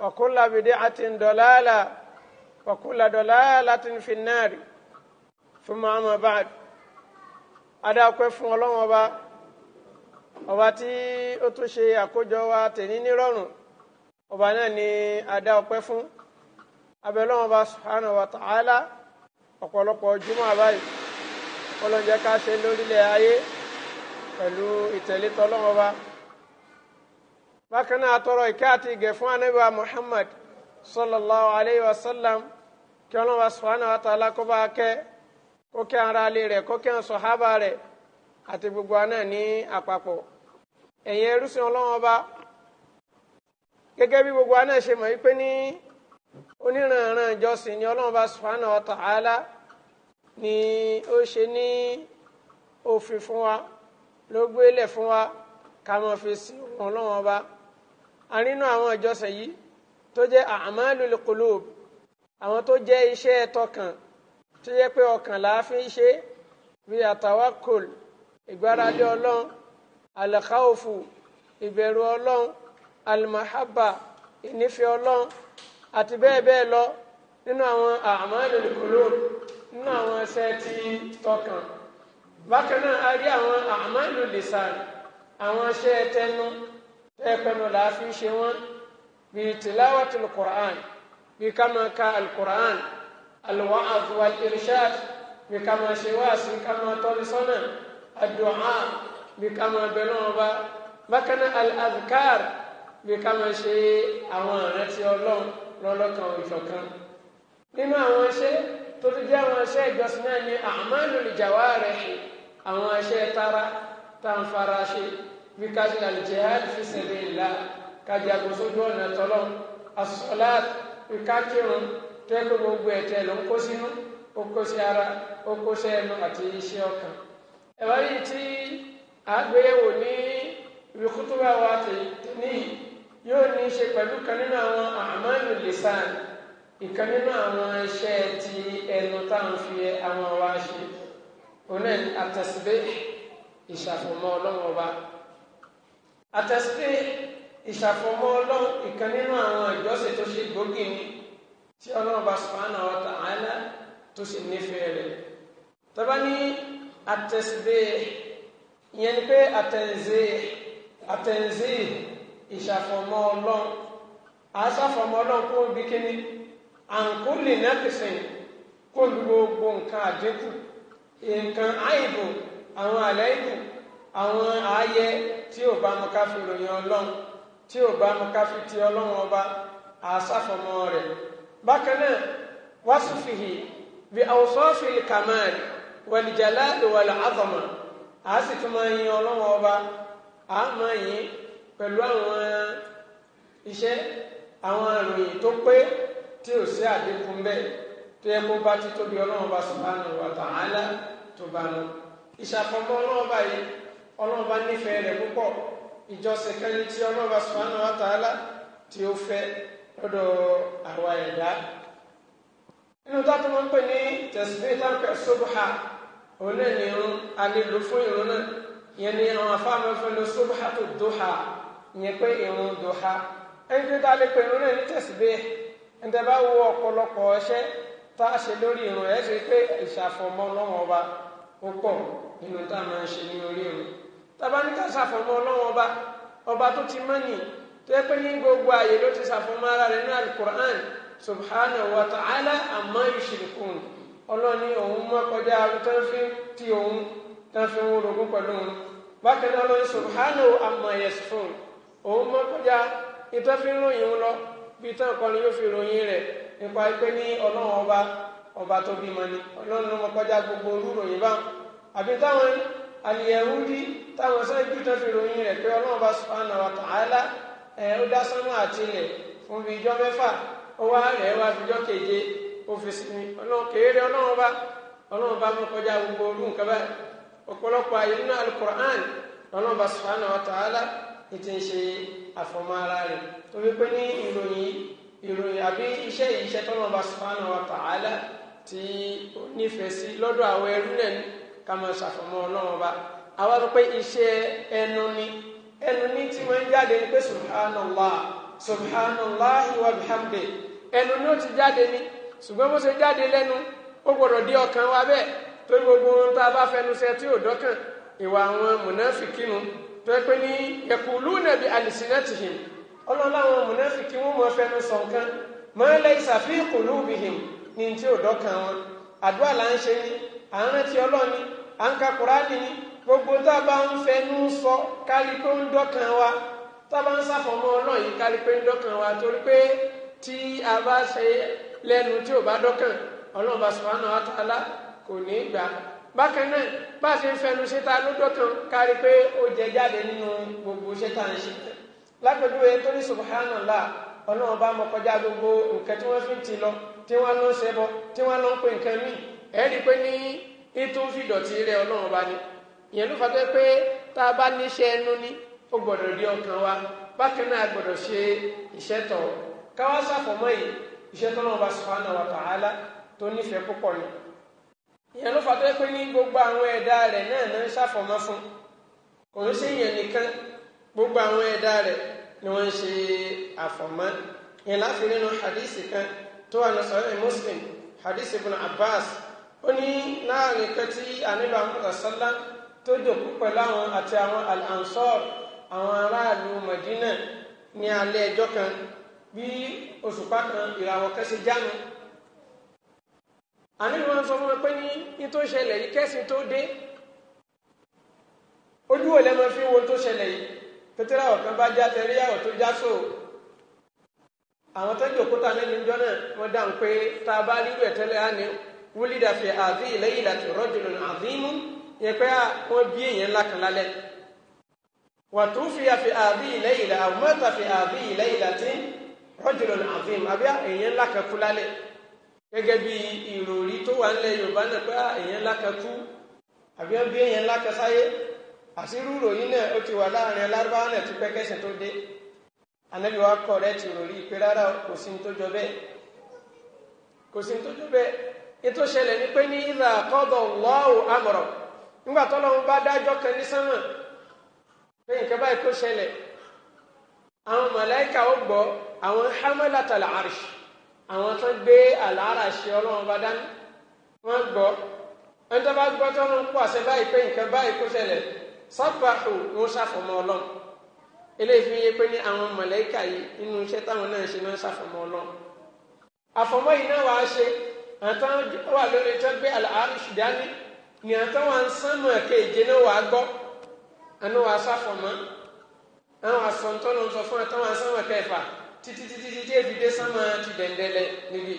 وكل بدعة ضلالة وكل ضلالة في النار ثم أما بعد adáàpẹ́ fún ọlọ́run ọba ọba tí ó tún ṣe àkójọ wa tèní nírọ̀rùn ọba náà ni adáàpẹ́ fún abẹ́lọ́run ọba subhanahu wa ta'ala ọ̀pọ̀lọpọ̀ jùmọ̀ àbáyé ọlọ́run jẹ́ ká ṣe lórílẹ̀ ayé pẹ̀lú ìtẹ̀lé tọ́lọ́run ọba bákan náà atọrọ ìkẹ́ àti ìgẹ̀ fún anábìwá muhammad sallallahu alayhi wa sallam kí ọlọ́wà sùhánà wa tààlà kó bá kẹ́ kó kí ara alẹ́ rẹ̀ kó kí àwọn sọ̀hábà rẹ̀ àti gbogbo àná ní àpapọ̀ ẹ̀yin ẹrúsìn ọlọ́wọ́n ọba gẹ́gẹ́ bí gbogbo àná ṣe mọ̀ wípé ní oníranran ìjọsìn ni ọlọ́run bá sùfàánà ọ̀tà àálá ni ó ṣe ní òfin fún wa ló gbélé fún wa ká mọ̀ fi sí ọlọ́run àrínú àwọn ìjọsìn yìí tó jẹ́ a'malul qulub àwọn tó jẹ́ iṣẹ́ tọkàn tó jẹ́ pé ọkàn la fi ń ṣe bí àtàwákùl ìgbáradì ọlọ́run alakawufu ìbẹ̀rù ọlọ́run alimahaba ìnífẹ̀ẹ́ ọlọ́run àti bẹ́ẹ̀ bẹ́ẹ̀ lọ nínú àwọn a'malul qulub nínú àwọn ẹsẹ̀ ti tọkàn bákan náà a rí àwọn a'malul lisan àwọn iṣẹ́ tẹnu tẹ́ẹ̀pẹ́nu la fi ṣe wọ́n bíi tilawati alukur'an bíi kama ka alukur'an alwa'az wal irshad bíi kama ṣe wáàsí kama tọ́nisọ́nà adu'a bíi kama bẹ̀lọ́ọ̀ba bákan al-adhkar bíi kama ṣe àwọn ìrántí ọlọ́run lọ́lọ́kan ìṣọ̀kan nínú àwọn iṣẹ́ tó ti jẹ́ àwọn iṣẹ́ ìjọsìn náà ni a'malul jawarih àwọn iṣẹ́ tara tá à ń fara ṣe wíká ní jihad fi sabilillah kájagun sójú ọ̀nà tọ́lọ́ asọ́láàt wíká kírun tẹ́kọ̀ gbogbo ẹ̀tẹ́ ló ń kó sínú ó kó sí ara ó kó sí ẹnu àti iṣẹ́ ọkàn. ẹ̀wá yìí tí àgbéyẹ̀wò ní ìwékútúbà wa ti ní yóò ní ṣe pẹ̀lú kan nínú àwọn àmánù lisan ìkan nínú àwọn iṣẹ́ ti ẹnu táwọn fi àwọn wa ṣe onáà àtẹ̀síbẹ́ ìṣàfọ̀mọ́ ọlọ́run ọba àtẹ̀sípé ìṣàfọ̀mọ́ ọlọ́run ìkan nínú àwọn ìjọsìn tó ṣe gbòógì ni tí ọlọ́run bá subhanahu wa ta'ala tó sì nífẹ̀ẹ́ rẹ̀ tọ́ba ní àtẹ̀sípé ìyẹn ni pé àtẹ̀nzé àtẹ̀nzé ìṣàfọ̀mọ́ ọlọ́run àṣàfọ̀mọ́ ọlọ́run kó bí kíní àǹkólè nẹ́pẹ̀sìn kó lu gbogbo nǹkan àdínkù nǹkan àìbò àwọn àlẹ́ ìbò àwọn ààyè tí ò bá mu ká fi ròyìn ọlọ́run tí ò bá mu ká fi ti ọlọ́run ọba àṣàfọmọ rẹ̀ bákan náà wàsífìhì bí àwòsọ́fìl kamal wàlìjàlá ìwàlà àzọmọ a sì tún máa yin ọlọ́run ọba a máa yin pẹ̀lú àwọn iṣẹ́ àwọn ìròyìn tó pé tí ò sí àdínkù bẹ́ẹ̀ tó yẹ kó bá títóbi ọlọ́run ọba subhanahu wa ta'ala tó bá lọ ìṣàfọmọ ọlọ́run ọba yìí ọlọ́run bá nífẹ̀ẹ́ rẹ̀ púpọ̀ ìjọsìn kan ní tí ọlọ́run bá subhanahu wa ta'ala tí ó fẹ́ lọ́dọ̀ àwa ẹ̀dá nínú tá a tó máa ń pè ní tẹ̀síbí táǹkà sóbùhà òun náà ní irun alèlò fún irun náà ìyẹn ní àwọn afáàmọ́ fún lọ sóbùhà tó dóhà ìyẹn pé irun dóhà ẹni tó dá lè pè irun náà ní tẹ̀síbí ẹ̀ńtẹ́ bá wo ọ̀pọ̀lọpọ̀ ọṣẹ́ tá a ṣe lórí irun ẹ̀ ṣe pé ìṣàfọ̀mọ́ ọlọ́wọ́n ọba ó pọ̀ nínú tá a ṣe ní orí irun tabaníkà ṣàfọ̀mọ́ ọlọ́wọ́n ọba ọba tó ti mọ́nì tó yẹ pé ní gbogbo ààyè ló ti ṣàfọ̀mọ́ ara rẹ̀ ní alukur'an subhanahu wa ta'ala amma yushrikun ọlọ́ni òun mọ́ kọjá tó ń fi ti òun tó ń fi wọn bákan náà lọ́ni subhanahu amma yasifun òun mọ́ kọjá ìtọ́ fi ń ròyìn òun lọ bí tán kọ́ni yóò fi ròyìn rẹ̀ nípa pé ní ọlọ́wọ́n ọba ọba tó bímọ ni ọlọ́run ló mọ kọjá gbogbo orú ròyìn báwọn àbí táwọn àlìyẹ̀wúdí táwọn sẹ́jú tó fi ròyìn rẹ̀ pé ọlọ́run bá subhanahu wa ta'ala ẹ̀ ó dá sánmọ́ àti ilẹ̀ fún bíi ijọ́ mẹ́fà ó wá rẹ̀ wá fijọ́ keje ó fi sinmi ọlọ́run kéré ọlọ́run bá ọlọ́run bá mú kọjá gbogbo olú nǹkan báyìí ọ̀pọ̀lọpọ̀ àyè nínú alukur'an ọlọ́run bá subhanahu wa ta'ala ètò ìṣe àfọmọ́ rẹ̀ tó fi ní ìròyìn ìròyìn ká máa ṣàfọ̀mọ́ ọlọ́run ọba àwa sọ pé iṣẹ́ ẹnu ni ẹnu ní tí wọ́n jáde ní pé subhanallah subhanallah wa bihamdi ẹnu ni ó ti jáde ni ṣùgbọ́n bó ṣe jáde lẹ́nu ó gbọ́dọ̀ dé ọkàn wa bẹ́ẹ̀ torí gbogbo ohun tá a bá fẹnu ṣe tí ò dọ́kàn ìwà àwọn mùnáfìkínú tó pé ní yakuluna bi alsinatihim ọlọ́lá àwọn mùnáfìkí wọn mọ fẹnu sọ nǹkan ma laysa fi qulubihim ní tí ò dọ́kàn wọn àdúrà là ń ṣe ní à ń rántí ọlọ́run ni à ń ka kùránì ni gbogbo tá a bá ń fẹnu sọ kárí pé ń dọ́kan wa tá a bá ń sàfọ̀mọ́ ọlọ́run yìí kárí pé ń dọ́kan wa torí pé tí a bá ṣe lẹ́nu tí ò bá dọ́kàn ọlọ́run bá subhanahu wa kò ní í gbà bákan náà bá a ṣe ń fẹnu ṣe ta ló dọ́kàn kárí pé ó jẹ jáde nínú gbogbo ṣe tá à ń ṣe lápẹjúwe tó ní subhanallah ọlọ́run bá mọ kọjá gbogbo nǹkan tí wọ́n fi ń ti lọ tí wọ́n lọ ń tí wọ́n lọ pè nǹkan míì ẹ̀rí pé ní ètò fìdọ̀tí rẹ ọlọ́run bá ní ìyẹn ló fàgbé pé tá a bá níṣẹ́ ẹnu ní ó gbọ́dọ̀ rí ọkàn wa bákan náà gbọ́dọ̀ ṣe iṣẹ́ tọ̀ káwá sàfọ̀mọ́ yìí iṣẹ́ tọ́lọ́run bá subhanahu wa tó nífẹ̀ẹ́ púpọ̀ ni gbogbo àwọn ẹ̀dá rẹ̀ náà náà sàfọ̀mọ́ fún kò ń ṣe ìyẹn gbogbo àwọn ẹ̀dá rẹ̀ ni wọ́n ń ṣe àfọ̀mọ́ ìyẹn láfi nínú hadisi kan tó wà ní ó ní láàrin kan tí àníbà mọ́tà sálá tó jòkó pẹ̀lú àwọn àti àwọn al ansor àwọn aráàlú Madina ní alẹ́ ẹjọ́ kan bí òṣùpá kan ìràwọ̀ kẹsì jánu àníbi wọn sọ fún wọn pé ní ní tó ṣẹlẹ̀ yìí kẹ́sìn tó dé ojú òlẹ́ máa fi wo tó ṣẹlẹ̀ yìí pétérà ọ̀kan bá já tẹ̀rí àwọ̀ tó já sò àwọn tẹ́jọ́ kóta nínú ìjọ náà wọ́n dáhùn pé tá a bá rírú ẹ̀ tẹ́lẹ̀ á wúlídà fi àbí ìlẹ́yìn láti rọ́jùlù àbímú yẹn pé wọ́n ah, bí èèyàn ńlá kan lálẹ́ wàtú fi àfi àbí ìlẹ́yìn láti àwùmọ́tà fi àbí ìlẹ́yìn láti rọ́jùlù àbímú àbí èèyàn ńlá kan kú lálẹ́ gẹ́gẹ́ bí ìròrí tó wà nílẹ̀ yorùbá náà pé ah, èèyàn ńlá kan kú àbí wọ́n bí èèyàn ńlá kan sáyé àṣírú ròyìn náà ó ti wà láàrin alárúbáwá náà ti pẹ́ kẹ́sìn tó dé anabi wa kọ̀ rẹ́ ti ròrí pé rárá kò sí ní tó jọ bẹ́ẹ̀ kò sí ètò ṣẹlẹ̀ ni pé ní ìlà kọ́dọ̀ lọ́wọ́ àmọ̀rọ̀ nígbà tó lọ́wọ́ bá dájọ́ kan ní sánmà pé nǹkan báyìí kó ṣẹlẹ̀ àwọn màláíkà ó gbọ́ àwọn hamalata al-arsh àwọn tó gbé àlàárà ṣe ọlọ́wọ́ bá dání wọ́n gbọ́ ẹni tó bá gbọ́ tó ń kó àṣẹ báyìí pé nǹkan báyìí kó ṣẹlẹ̀ sábàáhù ló ṣàfọmọ ọlọ́run eléyìí fi yé pé ní àwọn màláíkà yìí nínú iṣẹ́ táwọn náà ṣe náà ṣàfọmọ ọlọ́run àfọmọ́ yìí náà wàá ṣe àtàwọn wà lórí tó gbé àlàáríṣì dání ní àtàwọn sánmọ̀ kéje náà wàá gbọ́ àná wàá sáfọ̀mọ́ àwọn àsọ̀ntọ́nà sọ fún àtàwọn sánmọ̀ kẹfà títí títí títí èdè dé sánmọ̀ ti dẹ̀ndẹ̀lẹ̀ níbi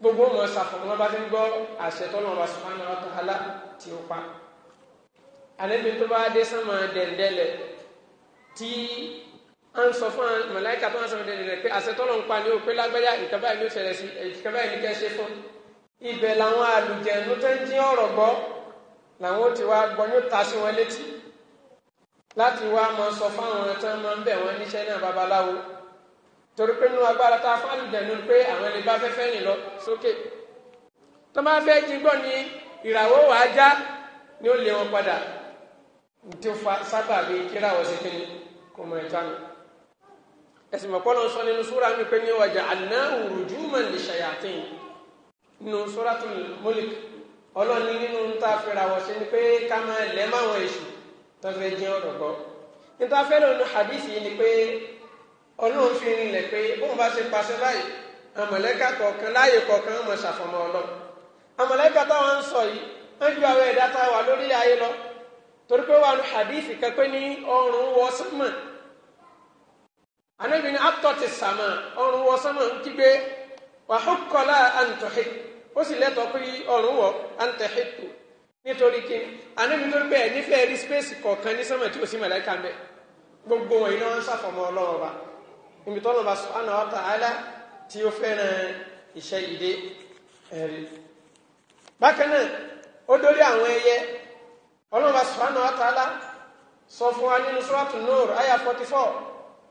gbogbo ọmọ ṣàfọ̀mọ́ bá ti ń gbọ́ àṣẹ tọ́nà wa subhanahu wa ta'ala tí ó pa àlẹ́bí tó bá dé sánmọ̀ dẹ̀ndẹ̀lẹ̀ tí à ń sọ fún màláìka tó ń sọ fún ẹni rẹ pé àṣẹ tọ́lọ̀ ń pa ni ó pé lágbájá nǹkan báyìí ló ṣẹlẹ̀ sí nǹkan báyìí ní kẹ́ ṣe fún ibẹ̀ làwọn àlùjẹ̀nu tó ń dín ọ̀rọ̀ gbọ́ làwọn ó ti wá gbọ́ ní ó ta sí wọn létí láti wá máa sọ fáwọn tó máa ń bẹ̀ wọ́n níṣẹ́ náà babaláwo torí pé nínú agbára tá a fún àlùjẹ̀nu pé àwọn ẹni bá fẹ́fẹ́ rìn lọ sókè tó máa fẹ́ jí gbọ́ ni ìràwọ̀ wàá já ni ó lé wọn padà ní tó fa sábàbí kíráwọ̀ sí kíni kò mọ̀ ẹ̀ta mi ẹ̀sìn mọ̀kọ́lọ́ sọ nínú súra mi pé ní ọjà ànáhùn rujuman li shayatin nínú suratul mulk ọlọ́ni nínú ta fẹ́ra wọ̀ sí ni pé ká máa lẹ́ máwọn èṣù tó fẹ́ jẹ́ ọ̀rọ̀ gbọ́ níta fẹ́ lónú hadithi ni pé ọlọ́run fi rinlẹ̀ pé bóun bá ṣe paṣẹ báyìí àmọ̀lẹ́kà kọ̀ọ̀kan láàyè kọ̀ọ̀kan mọ̀ ṣàfọ̀mọ́ ọlọ́run àmọ̀lẹ́kà táwọn ń sọ yìí anabi ni atọti sama ọ̀run wọ sama nkigbe wàhùkọlá àǹtọ̀hì ó sì lẹ́tọ̀ pé ọ̀run wọ àǹtọ̀hì tó nítorí kí anabi tó bẹ́ẹ̀ nífẹ̀ẹ́ rí space kọ̀ọ̀kan ní sama tí o sì màláíkà ń bẹ gbogbo wọn iná ń sàfọmọ Ọlọ́run ọba ibi tọ́lọ́ bá subhanahu wa ta'ala tí ó fẹ́ràn iṣẹ́ ìdè ẹ̀rí bákan náà ó àwọn ẹyẹ Ọlọ́run bá subhanahu wa ta'ala sọ fún wa aya forty four.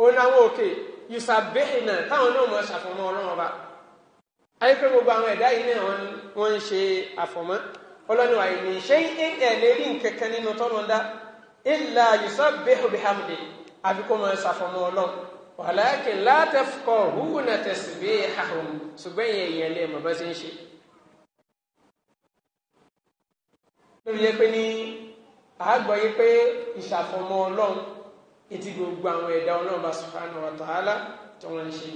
òun àwọn òkè yusabihina táwọn náà mọ ṣàfọ̀mọ́ ọlọ́run ọba ayé pé gbogbo àwọn ẹ̀dá yìí náà wọ́n ń ṣe àfọ̀mọ́ ọlọ́run àyè ní ṣé ẹ̀ lè rí nkankan nínú tọ́nu dá illa yusabihu bihamdi àfi kó mọ ṣàfọ̀mọ́ ọlọ́run walakin la tafqahuna tasbihahum ṣùgbọ́n yẹn yẹn lè mọ̀ bá ń ṣe. lórí yẹ pé ní àgbọ̀ yẹ pé ìṣàfọ̀mọ́ ọlọ́run etí gbogbo àwọn ẹ̀dá ọlọ́ọ̀bá subhanahu wa ta'ala tí wọ́n ń ṣe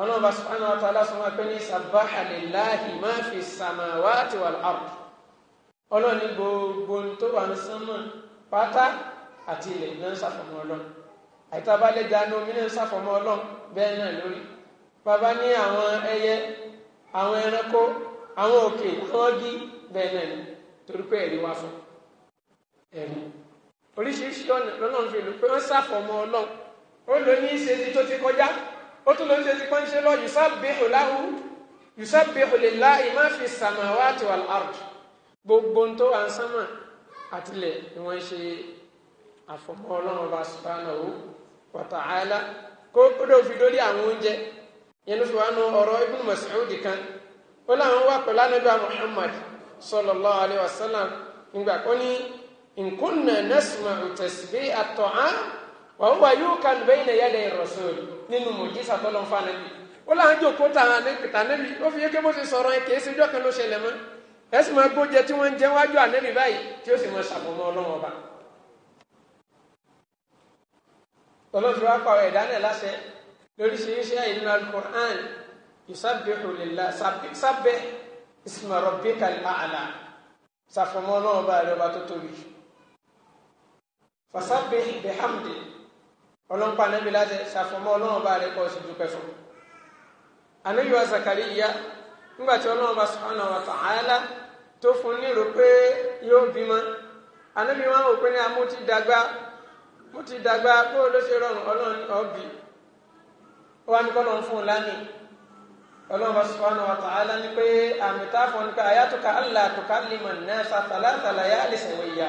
ọlọ́ọ̀bá subhanahu wa ta'ala sọ wọn pé ní sabaha lillahi ma fi samawati wal ard ọlọ́ọ̀ni gbogbo tó wà ń sánmọ̀ pátá àti ilẹ̀ náà ń ṣàfọ̀mọ́ ọlọ́run àìtàbálẹ̀ dànù omi náà ń ṣàfọ̀mọ́ ọlọ́run bẹ́ẹ̀ náà lórí bàbá ní àwọn ẹyẹ àwọn ẹranko àwọn òkè àwọn bẹ́ẹ̀ náà torí pé ẹ̀rí wá fún ẹ̀rí oríṣiríṣi ọ̀nà lọ́lọ́run fi lò pé wọ́n ṣàfọ̀mọ́ ọlọ́run ó lò ní í ṣe ti tó ti kọjá ó tún lò ní ṣe ti kọ́ ṣe lọ yusabbihu lahu yusabbihu lillahi ma fi samawati wal ard gbogbo ń tó wà ń sánmà àtìlẹ̀ ni wọ́n ṣe àfọ̀mọ́ ọlọ́run ọba subhanahu wa ta'ala kó kódò fi dórí àwọn oúnjẹ yẹn ló fi wá nu ọ̀rọ̀ ibn Mas'ud kan ó láwọn wà pẹ̀lú anábíà Muhammad sallallahu alaihi wasallam ìgbà kó ní إن كنا نسمع تسبيح الطعام وهو يوكل بين يدي الرسول nínú mọ̀jísà tọ́lọ́ ń fa nàbí ó láwọn jókòó ta ta nàbí ó fi yéké bó ti sọ̀rọ̀ ẹ̀ kìí ṣèjọ́ kan ló ṣẹlẹ̀ mọ́ ẹ sì máa gbóúnjẹ tí wọ́n ń jẹ wájú ànẹ́bí báyìí tí ó sì máa ṣàbọ̀mọ́ ọlọ́run ọba. ọlọ́run ti wá pa ẹ̀dá náà láṣẹ lóríṣiríṣi àyè nínú alukur'an yusabbihu lillah sábẹ́ isma rabbikal a'la ṣàfọ̀mọ́ ọlọ́run ọba rẹ̀ ọba tó tóbi jù fasabbih bihamdi ọlọ́npa anabi láti ṣàfọmọ́ ọlọ́run bá rẹ̀ kọ́ ọ sí dúpẹ́ fún anabi wa Zakariya nígbà tí ọlọ́run bá subhanahu wa ta'ala tó fún nílò pé yóò bímọ anabi wọn ò pé ní amú ti dàgbà mo ti dàgbà bó ló ṣe rọrùn ọlọ́run ọ̀bì ó wá ní kọ́ lọ́n fún un lánìí ọlọ́run subhanahu wa ta'ala ní pé àmì táfọ̀ ní pé àyàtúkà Allah tukalliman nasa thalatha layali sawiyya.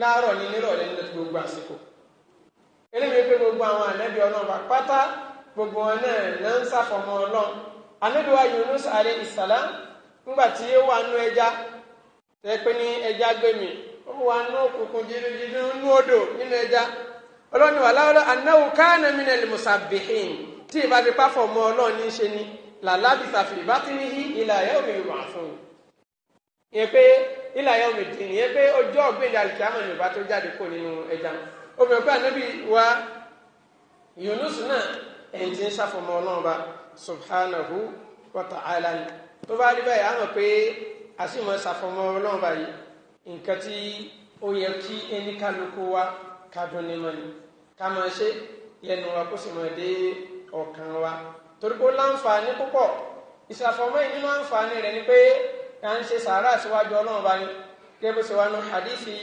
láàárọ̀ ní nírọ̀lẹ́ ní gbogbo àsìkò eléyìí pé gbogbo àwọn pátá gbogbo wọn náà ná ń sàfọmọ ọlọ́run ànábì wa Yunus alayhi salam ńgbà tí ó wà nú ẹja tẹ pé ní ẹja gbẹmí ó wà nú òkùnkùn jìnnìjìnnì nú odò nínú ẹja ọlọ́run wà láwọ́lọ́ anáwó káànà mí tí ìbá fi ṣe ni làlábìsàfì ilà yẹn omi dì nìyẹn pé ọjọ́ ọ̀gbìnrin alìkíámọ̀ ni ìbá tó jáde kó nínú ẹja obìnrin pé ànábì wa Yunus náà ẹni ń ṣàfọmọ Ọlọ́run ba subhanahu wa ta'ala ni tó bá rí báyìí àwọn pé àṣìmọ̀ ṣàfọmọ Ọlọ́run ba yìí nǹkan tí ó yẹ kí ẹni kálukú wa ká dún ní mọ́ni ká máa ṣe lẹ́nu wa kó sì máa dé ọkàn wa torí pé láǹfààní púpọ̀ ìṣàfọmọ́ yìí nínú àǹfààní rẹ̀ ni pé ká ń ṣe sàárà síwájú ọlọ́run bá ní gẹ́gẹ́ bó ṣe wà nù hadithi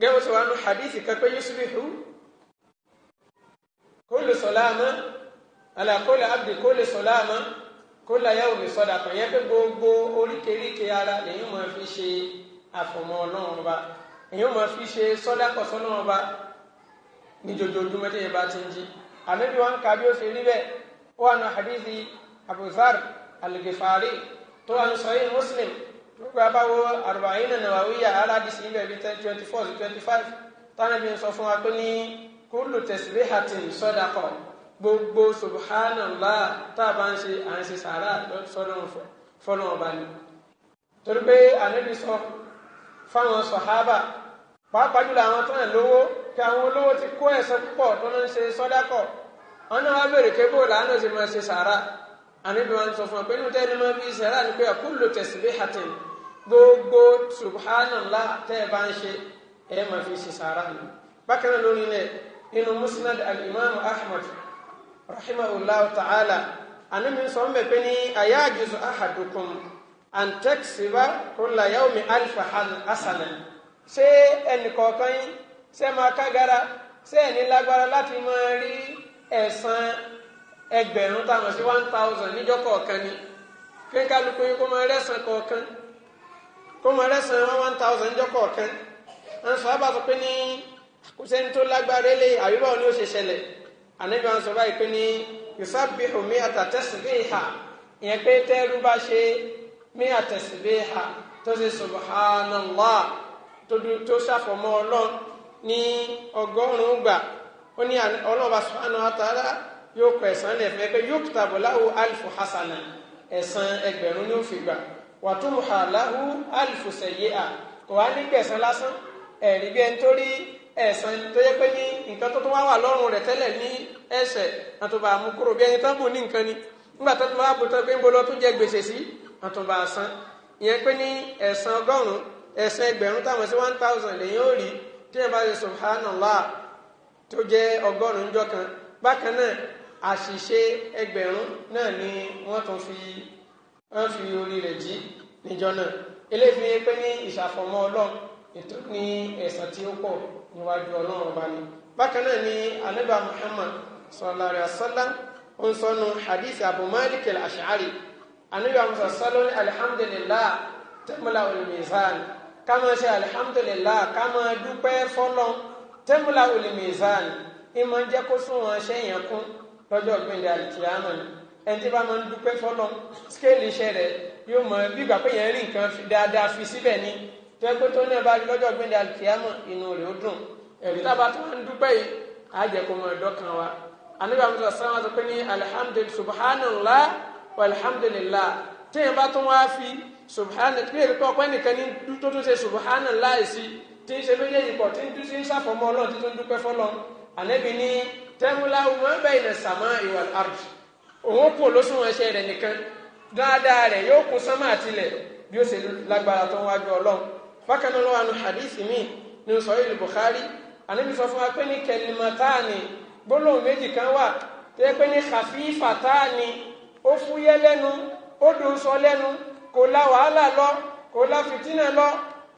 gẹ́gẹ́ bó ṣe hadithi kan pé yusubihu kullu salama ala kulli abdi kullu salama kullu yawmi sadaqa yẹ pé gbogbo oríkèéríkèé ara lèyìn máa fi ṣe àfọ̀mọ́ ọlọ́run bá èyàn máa fi ṣe sọ́dá kọ̀sọ́nà ọba ní jojoojúmọ́ tí yẹn bá ti ń jí àmì bí wọ́n ń ka bí ó ṣe rí bẹ́ẹ̀ ó wà nù Abu Dharr Al-Ghifari tó wà ní Sahih Muslim gbogbo abáwo Arba'in Nawawiyya aládìsí ibẹ̀ bíi twenty four to twenty five tánàbí ń sọ fún wa pé ní kullu tasbihatin sadaqa gbogbo subhanallah tá a bá ń ṣe à ń ṣe sàárà sọ́dọ̀ fọlọ́n ọba ni torí pé ànábì sọ fáwọn sọ̀hábà pàápàá jùlọ àwọn tó ń lówó kí àwọn olówó ti kó ẹ̀sọ́ púpọ̀ tó ń ṣe sọ́dákọ̀ wọn náà wá bèrè kébò làánà ti máa ṣe sàárà àníbi wọn sọ fún ọ pé inú tẹ́ ẹni máa fi ṣe aláàánú pé kullu tasbihatin gbogbo subhanallah tẹ́ ẹ bá ń ṣe ẹ máa fi ṣe sàárà nù bákan náà lórí ilẹ̀ inú musnad al-imam ahmad rahimahullah ta'ala àníbi sọ ń bẹ̀ pé ní ayajuzu ahadukum an taksiba kulla yawmi alfa hasana ṣé ẹnìkọ̀ọ̀kan yín ṣé máa kágara ṣé ẹni lágbára láti máa rí ẹ̀san ẹgbẹ̀rún táwọn sí one thousand níjọ́ kọ̀ọ̀kan ni kéńkálukú yín kó máa rẹ́sàn kọ̀ọ̀kan kó máa rẹ́sàn one thousand níjọ́ kọ̀ọ̀kan àwọn sọ̀rọ̀ bá sọ pé ní kò sẹ́ni tó lágbára eléyìí àbí báwo ni ó ṣe ṣẹlẹ̀ ànábì àwọn sọ̀rọ̀ báyìí pé ní yusabihu mi àtàtẹ́sìbíhà ìyẹn pé tẹ́rú bá ṣe mi àtẹ̀sìbíhà tó ṣe subhanallah tó ṣàfọ̀mọ́ ọlọ́run ní ọgọ́rùn-ún gbà ó ní ọlọ́run subhanahu wa ta'ala yóò kọ ẹ̀san lẹ̀ fún ẹ pé yuktabu lahu alifu hasana ẹ̀san ẹgbẹ̀rún n'ofe ó fi gbà alifu sayyi'a kò wá ní gbẹ̀san lásán ẹ̀rí bí ẹni tó rí ẹ̀san tó yẹ pé ní nǹkan tó wá wà lọ́rùn rẹ̀ tẹ́lẹ̀ ní àtúbà bí ẹni tó ń bù ní nǹkan ni nígbà tó tún wá bù tó pé ń tó jẹ one thousand lèyìn ó rí tí bá ṣe subhanallah tó ọgọ́rùn-ún jọ àṣìṣe ẹgbẹ̀rún náà ni wọ́n tún fi wọ́n fi orí rẹ̀ jí níjọ náà eléyìí pé ní ìṣàfọ̀mọ́ ọlọ́run ètò ní ẹ̀san tí ó pọ̀ níwájú ọlọ́run ọba ni bákan náà ni anábà Muhammad sallallahu alaihi wasallam ó ń sọnu hadith Abu Malik al-Ash'ari anábà Muhammad sallallahu alaihi alhamdulillah tẹ́múlà olùmíìsàn ká máa ṣe alhamdulillah ká máa dúpẹ́ fọ́lọ́ tẹ́múlà olùmíìsàn ìmọ̀ jẹ́ kó sún wọn ṣẹ́yìn kún lọ́jọ́ gbẹ̀ndẹ̀ àlìkìyàmọ̀ ni ẹni tí bá máa ń dúpẹ́ fọ́lọ́ skéèlì iṣẹ́ rẹ̀ yóò mọ bí ìgbà pé yẹn rí nǹkan dáadáa fi síbẹ̀ ni tó ẹ pé tó náà bá rí lọ́jọ́ gbẹ̀ndẹ̀ àlìkìyàmọ̀ inú rẹ̀ ó dùn ẹ̀rí tábà tó máa ń yìí á jẹ́ kó mọ ẹ̀dọ́ kan wa àníbà mi sọ sáwọn sọ pé ní alhamdulilayi subhanallah walhamdulilah téèyàn bá tún wáá fi subhanallah kí èyí pé ọpẹ́ nìkan ní tó tún ṣe subhanallah sí tí ń ṣe méjèèjì pọ̀ tí ń dúpẹ́ fọlọ́ tẹ́múlá wọn bẹ́ẹ̀ ní sàmá ìwà àrùsù òun kò lóṣùwọ̀n ẹ̀ṣẹ̀ rẹ̀ nìkan dáadáa rẹ̀ yóò kó sánmà àtilẹ̀ bí ó ṣe lágbára tó ń wájú ọlọ́run bákan náà lọ́wọ́ àánú hadithi míì ní sọ̀rọ̀ ìlú Bukhari ànábi sọ fún wa pé ní kẹlìmọ̀táàni gbólóhùn méjì kan wà tó yẹ pé ní kàfífàtáàni ó fúyẹ́ lẹ́nu ó dùn sọ lẹ́nu kò la wàhálà lọ kò la fìtínà lọ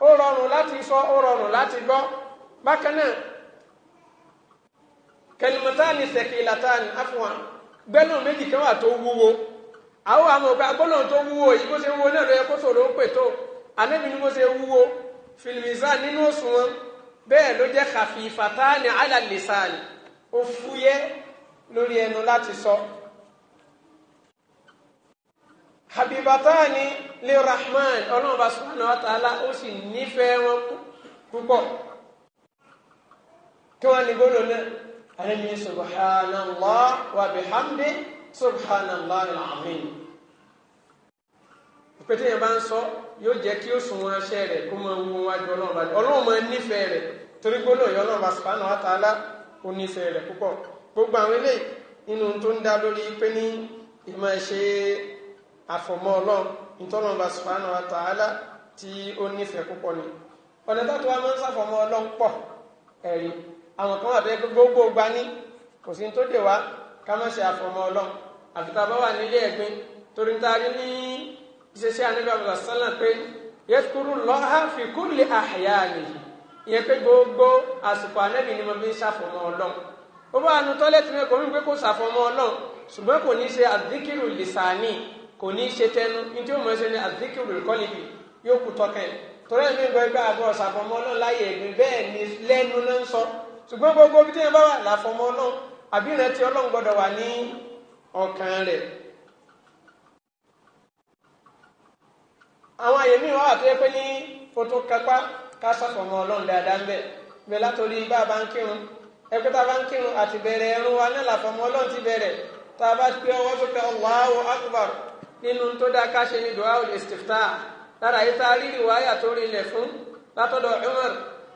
ó rọrùn láti sọ ó rọrùn láti gbọ́ bákan náà kẹlìmọ̀tánì sẹ̀kìlátánì afọ́n gbẹ́nà méjì kan wà tó wúwo àwọn àmọ̀ ọ̀gá gbọ́dọ̀ tó wúwo yìí bó ṣe wúwo náà ló yẹ kó sòrò ó pè tó anábì ni bó ṣe wúwo fìlìmìsà nínú òṣùwọ̀n bẹ́ẹ̀ ló jẹ́ kàfìfàtánì alàlìsàánì ó fúyẹ́ lórí ẹnu láti sọ. habibatani lè rahman ọlọ́run bá subhanahu wa ta'ala ó sì nífẹ̀ẹ́ wọn púpọ̀ kí wọ́n ní gbọ́dọ̀ náà ẹni ní subhanallah wa bihamdi subhanallah alamin ìpètè yẹn bá ń sọ yóò jẹ́ kí ó sùn wọn aṣẹ rẹ̀ kó máa wú wájú ọlọ́run bá ọlọ́run máa nífẹ̀ẹ́ rẹ̀ torí gbólóò yọ ọlọ́run bá subhanahu wa ta'ala ó nífẹ̀ẹ́ rẹ̀ púpọ̀ gbogbo àwọn eléyìí nínú tó ń dá lórí pé ní ìmọ̀ ṣe àfọ̀mọ́ ọlọ́run ìtọ́lọ́run bá subhanahu wa tí ó nífẹ̀ẹ́ púpọ̀ ni ọ̀nà tó wá máa ń sàfọ̀mọ́ ọlọ́run pọ̀ ẹ̀rí àwọn kan àti ẹgbẹ́ gbogbo gba ní kò sí tó dè wá ká má ṣe àfọmọ Ọlọ́run àfi bá wà nílé ẹ̀gbin torí ta rí ní ìṣeṣẹ́ àníbà bàbá sálà pé yẹtukuru lọ́ha fi kulli àhàyà nìyí ìyẹn pé gbogbo àsìkò ànẹ́bì ni mo fi ń ṣàfọmọ Ọlọ́run ó bá nu tọ́lẹ́tì mi kò mí pé kò ṣàfọmọ Ọlọ́run ṣùgbọ́n kò ní ṣe àdíkìrù lìsàánì kò ní ṣe tẹnu ní tí ó mọ̀ ṣe ní àdíkìrù kọ́lìbì yóò kú tọkẹ́ torí ẹ̀mí gbọ́ ẹgbẹ́ àbọ̀ ṣàfọmọ Ọlọ́run láyé ẹ̀gbin bẹ́ẹ̀ ni lẹ́nu náà ń sọ ṣùgbọ́n gbogbo bí téèyàn bá wà láfọmọ ọlọ́run àbí ti ọlọ́run gbọ́dọ̀ wà ní ọkàn rẹ̀ àwọn àyè míì wà tó yẹ pé ní foto kápá ká sọ̀fọ̀mọ́ ọlọ́run dáadáa ń bẹ̀ bẹ̀ látòrí bá a bá ń kírun ẹgbẹ́ tá a bá ń kírun àti bẹ̀rẹ̀ ẹrun wa náà ọlọ́run ti bẹ̀rẹ̀ tá a bá gbé ọwọ́ sókè Allahu nínú tó dáa ká ṣe ní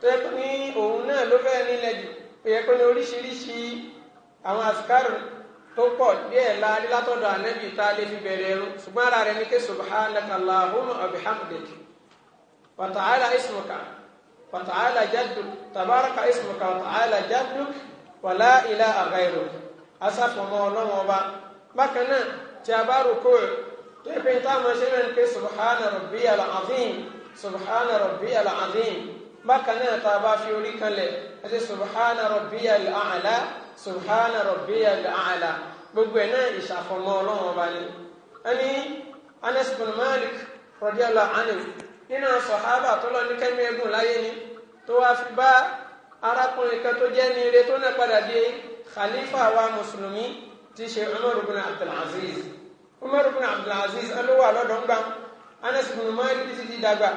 tó yẹ ní òun náà ló fẹ́ nílẹ̀ jù tó yẹ pé ní oríṣiríṣi àwọn àsìkárù tó pọ̀ díẹ̀ la lílátọ̀dọ̀ ànábì tá a lè fi bẹ̀rẹ̀ ẹ̀rù ṣùgbọ́n ara rẹ̀ ní ké subhanaka allahumma wa bihamdik ismuka wa ta'ala tabaraka ismuka wa ta'ala jadduk wa la ilaha ghayruk asàfọ̀mọ́ bákan náà tí a bá rúkú tó yẹ pé ní táwọn ṣe ń ké subhana rabbiyal azim subhana bákan náà tá a bá fi orí kanlẹ̀ ẹ ṣe subhana rabbiya al-a'la subhana rabbiya al-a'la gbogbo ẹ̀ náà ìṣàfọ̀mọ́ ọlọ́run ọba ni. ẹni Anas bin Malik radiyallahu anhu nínú sọ̀hábà tó lọ ní kẹ́mi ẹ̀gùn láyé ni tó wá fi bá arákùnrin kan tó jẹ́ ní ire tó náà padà dé khalifa wa mùsùlùmí ti ṣe Umar bin Abdul Aziz Umar bin Abdul Aziz ẹlọ́wà lọ́dọ̀ ń gbà Anas bin Malik ti di dàgbà.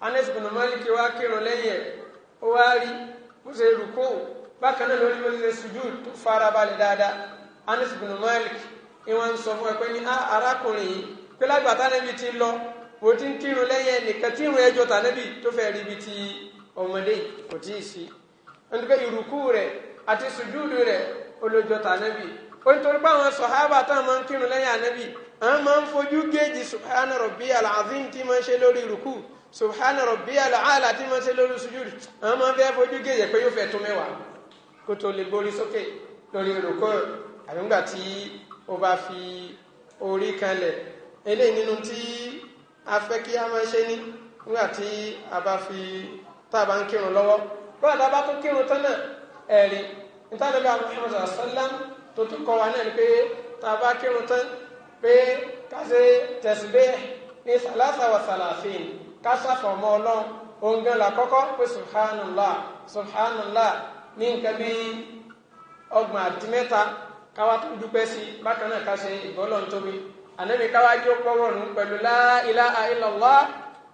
Anas bin Malik wá kírun lẹ́yìn ẹ̀ ó wá rí bó ṣe rúkú bákan náà lórí bó ṣe sujud tó fara balẹ̀ dáadáa Anas bin Malik ìwọ̀n sọ fún ẹ pé ní arákùnrin yìí pé lágbàtà níbi ti lọ bó ti ń kírun lẹ́yìn ẹnìkan tí ìrun ẹjọ́ tànẹ́bì tó fẹ́ rí ibi ti ọmọdé kò tí ì sí ẹni pé ìrùkú rẹ̀ àti sùjúdù rẹ̀ olójọ́ tànẹ́bì ó ń torí pé àwọn sọ̀hábà táwọn máa ń kírun lẹ́yìn ànẹ́bì àwọn máa ń fojú géèjì subhana rabbi alazim tí máa ń ṣe lórí ìrùkú subhana rabbiyal aala tí wọ́n ṣe lórí sùjúdù àwọn máa ń fẹ́ fojú gèyè pé yóò fẹ́ tó mẹ́wàá kó tó lè gbórí sókè lórí rògbò àbí ńgbà tí ó bá fi orí kanlẹ̀ eléyìí nínú tí a fẹ́ kí a máa ṣe ní ńgbà tí a bá fi tá a bá ń kírun lọ́wọ́ bọ́lá tá tún kírun tán náà ẹ̀rí nítàlẹ́bà Muhammad sallam tó tún kọ́ wa náà ni pé tá a bá tán pé ká ṣe ní sàlásà wà sàlàfíìn kásáfọ̀ mọ́ ọlọ́run oǹgán làkọ́kọ́ pé subhanallah subhanallah ní nǹkan bí ọgbọ̀n àti mẹ́ta káwá tó dúpẹ́ sí bákan náà ká ṣe ìbọ́lọ̀ tóbi ànábì káwá jó pọ́wọ́ nù pẹ̀lú la ilaha illallah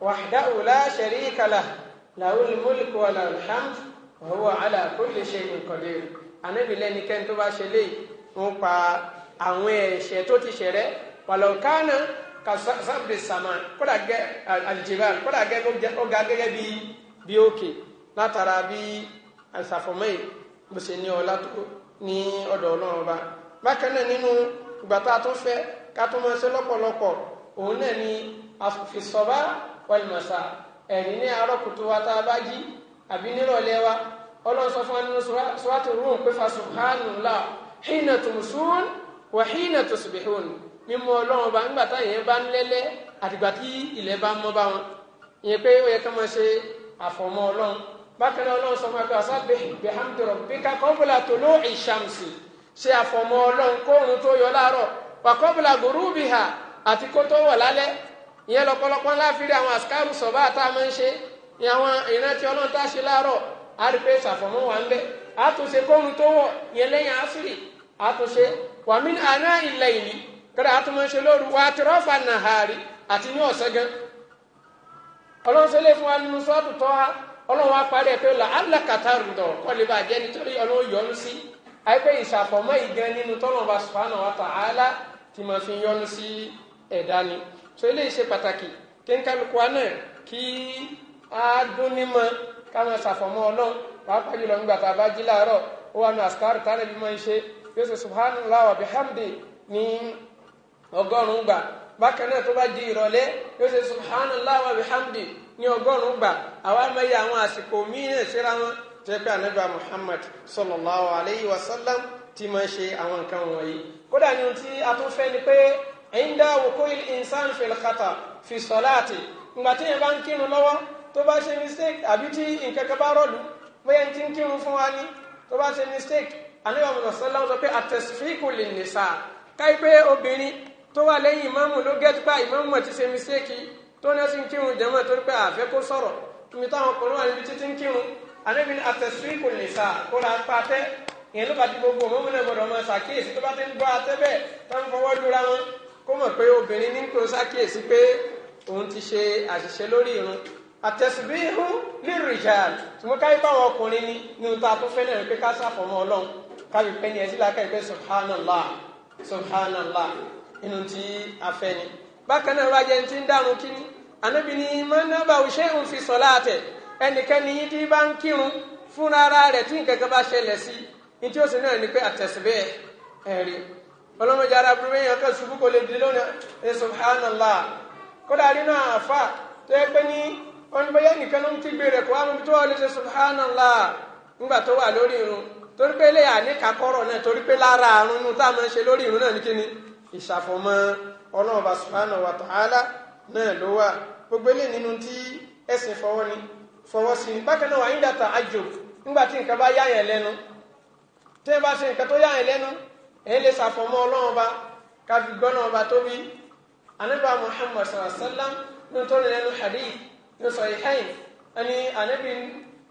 wahdahu la sharika lah lahul mulku wa lahul hamd wa huwa ala kulli shay'in qadir ànábì lẹ́nikẹ́ni tó bá ṣe léyìí ń pa àwọn ẹ̀ṣẹ̀ tó ti ṣẹ̀rẹ́ wàlọ́kánà ka sábẹ sàmà kódà gẹ aljibal kódà gẹ ó ga gẹ́gẹ́ bí bí òkè látara bí àṣàfọmọ yìí bó ṣe ní ọlá tó ní ọ̀dọ̀ Ọlọ́run ọba bákan náà nínú ìgbà tá a tó fẹ́ ká tó máa ṣe lọ́pọ̀lọpọ̀ òun náà ni àfìsọba wàlùmọsà ẹ̀yìn ní àárọ̀ kùtù wa tá a bá jí àbí nírọ̀lẹ́ wa Ọlọ́run sọ fún wa nínú pé fa subhanallah hina tumsun wa hina tusbihun mímú ọlọ́run bá ńgbà táyà yẹn bá ń lẹ́lẹ́ àtìgbà tí ilẹ̀ bá ń mọ́ bá wọn ìyẹn pé ó yẹ ká máa ṣe àfọ̀mọ́ ọlọ́run bákan náà ọlọ́run sọ máa fi àṣàbẹ̀ bihamdi rabbika qabla tulu'i shamsi ṣe àfọ̀mọ́ ọlọ́run kóòrùn tó yọ láàárọ̀ wa qabla ghurubiha àti kó tó wọ̀ lálẹ́ ìyẹn lọ́pọ̀lọpọ̀ ńlá fi rí àwọn àṣkáàrù sọ̀bá tá a máa ń ṣe ní àwọn ìrántí ọlọ́run tá ṣe láàárọ̀ á rí pé ṣàfọ̀mọ́ wà ń bẹ́ àtúnṣe kóòrùn tó wọ̀ ìyẹn lẹ́yìn àṣírí àtúnṣe wàmí àná ìlẹ̀ ìlú kara á tún máa ń ṣe lóru wà ti nàhàrí àti ní ọ̀sẹ̀ gan ọlọ́run ṣe lè fún wa nínú sọ́ọ̀tù tọ́ ha ọlọ́run wa parí ẹ̀ pé alákàtà kọ́ lè bá jẹ́ nítorí ọlọ́run sí ìṣàfọ̀mọ́ ìgan nínú tọ́lọ́run bá tí fi sí ẹ̀dá ni pàtàkì kí wa náà kí dún ọlọ́run pàápàá jùlọ nígbà tá a bá jí láàárọ̀ ó wà yóò wa bihamdi ní ọgọ́rùn-ún gbà bákan náà tó bá di ìrọ̀lẹ́ yóò ṣe subhanallah wa bihamdi ní ọgọ́rùn-ún gbà àwa máa yẹ àwọn àsìkò mìíràn síra wọn tẹ́ pé anábà muhammad sallallahu alayhi wa sallam ti máa ṣe àwọn nǹkan wọ̀nyí kódà ní ohun tí a tún fẹ́ ni pé inda wuqul insan fil khata fi salati ìgbà tí yẹn bá ń kírun lọ́wọ́ tó bá ṣe mistake àbí tí nǹkan kan bá rọ̀lú bóyá ti ń kírun fún wa ní tó bá ṣe mistake anábà muhammad sallallahu sọ pé àtẹ̀sífíkù lin nisa káyí pé obìnrin tó wà lẹ́yìn ìmáàmù ló gẹ́tù pé ìmáàmù mọ̀ ti ṣe mistake tó ní ẹsìn kírun jẹ́mọ̀ torí pé àfẹ́ kó sọ̀rọ̀ tùmí táwọn ọkùnrin wà níbi títí ń kírun anábì ní àtẹ̀sùn ìkò lè sà kó ra pa tẹ́ ìyẹn ló bá ti gbogbo mọ́mú náà gbọ́dọ̀ máa ṣàkíyèsí tó bá ti ń gbọ́ atẹ́ bẹ́ẹ̀ tó ń fọwọ́ lura wọn kó mọ̀ pé obìnrin ní kó ṣàkíyèsí pé òun ti ṣe àṣìṣe lórí irun àtẹ̀sùbí ihu ní rìjàl ṣùgbọ́n subhanallah subhanallah inú tí a fẹ́ ni bákan náà wájẹ ti ń dàrún kíní ànábì ní mọ́nàbà òṣè ń fi sọ láàtẹ̀ ẹnikẹ́ni yín tí bá ń kírun fúnra ara rẹ̀ tí nǹkan kan bá ṣẹlẹ̀ sí ní tí ó sì náà ni pé àtẹ̀síbẹ́ ẹ̀rí ọlọ́mọdé ara burúkú yẹn kan ṣubú kò lè di lónìí subhanallah kódà rí náà àfà tó yẹ pé ní wọn nìkan ló ń ti gbé kó wọn tó wà lè subhanallah nígbà tó wà lórí irun torí pé eléyà ní kakọ́rọ̀ náà torí pé lára àrùn tá a ṣe lórí irun náà ní kíni ìṣàfọ̀mọ́ ọlọ́ọ̀bà subhanahu wa ta'ala náà ló wà gbogbo ilé nínú tí ẹ̀sìn fọwọ́ ni fọwọ́ sí ni bákan náà wà ní dàtà àjò nígbà tí nǹkan bá yáyàn lẹ́nu tí ẹ bá ṣe nǹkan tó yáyàn lẹ́nu èyí lè ṣàfọ̀mọ́ ọlọ́ọ̀bà káfí gbọ́nà ọba tóbi anábà Muhammad sallallahu alaihi wasallam ní tó ní lẹ́nu hadith ní sahihain ẹni anábì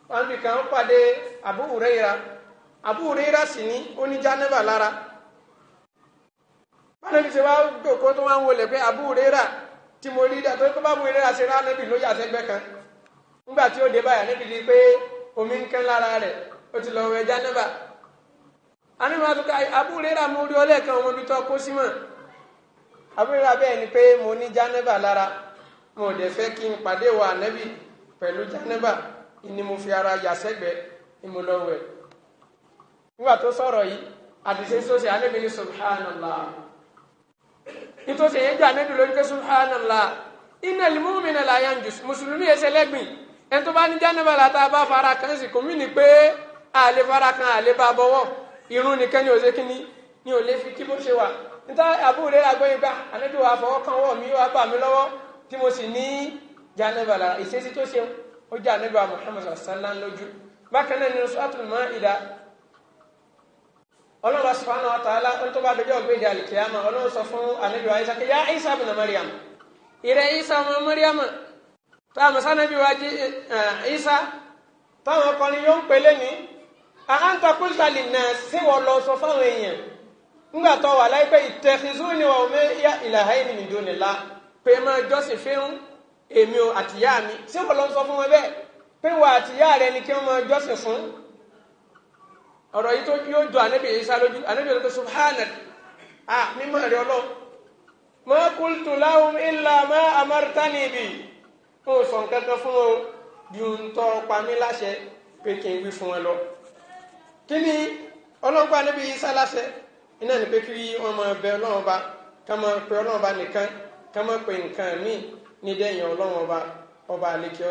wọn bì kan pàdé Abu Huraira Abu Huraira sì ní ó ní jánábà lára bánẹ́bí ṣe wá gbòkó tó wá wọlé pé àbúrò rà tí mo rí dàtọ́ tó bá bu ìrẹ́ra rà ló yà kan nígbà tí ó dé báyà di pé omi ń kán lára rẹ̀ ó ti lọ wẹ jánábà anima tó ká mo rí ọlẹ́kan ọmọ ibi tó kó sí mọ̀ bẹ́ẹ̀ ni pé mo ní lára mo dẹ̀ fẹ́ kí n pàdé pẹ̀lú ni mo fi ara yà ni mo lọ nítorí èyí jà níbi lórí pé subhanallah iná lè múmi náà láyà ń jù mùsùlùmí ẹsẹ lẹ́gbìn ẹni tó bá ní jánàbà látà bá fara kan sì kùn mí ni pé àlè fara kan àlè bá bọ́wọ́ irun nìkan ni ò ṣe kí ni ni ò lè fi kí bó ṣe wà níta àbúrò rẹ agbóyin gbà àlejò wa fọwọ́ kan wọ̀ mí wá bà mí lọ́wọ́ tí mo sì ní jánàbà lára ìṣesí tó ṣe ó jà níbi wa Muhammad sallallahu alaihi wasallam lójú bákan náà ni suratul Maida ọlọ́run subhanahu wa ta'ala tó bá dọjọ́ gbèdé àlùkìyàmà ọlọ́run sọ fún anabi wa isa ya isa bin mariam ìrẹ isa ọmọ mariam tó àmọ́ sanabi wa isa táwọn ọkùnrin yóò ń pè lẹ́ni àhántà qulta linnas sí wọ́n lọ sọ fáwọn èèyàn ńgbà tó wà láìpẹ́ ittakhizuni wa ummiya ilahayni min dunillah pé máa jọ́sìn fẹ́hún èmi àtìyá mi sí wọ́n lọ sọ fún wọn bẹ́ẹ̀ pé wọ́n àtìyá rẹ ni kí wọ́n máa jọ́sìn fún ọ̀rọ̀ yìí tó yóò jọ ànábì Ìsá lójú ànábì Ìsá tó subhanak a mímọ́ rẹ̀ ọlọ́run ma qultu lahum illa ma amartani bi n ò sọ nǹkan kan fún wọn ju ń tọ́ pa mí láṣẹ pé kí n wí fún wọn lọ kí ni ọlọ́run pa ànábì Ìsá láṣẹ iná ní pé kí wọ́n máa bẹ ọlọ́run ọba ká máa pe ọlọ́run ọba nìkan ká máa pe nǹkan míì ní dẹ́yìn ọlọ́run ọba ọba àlekè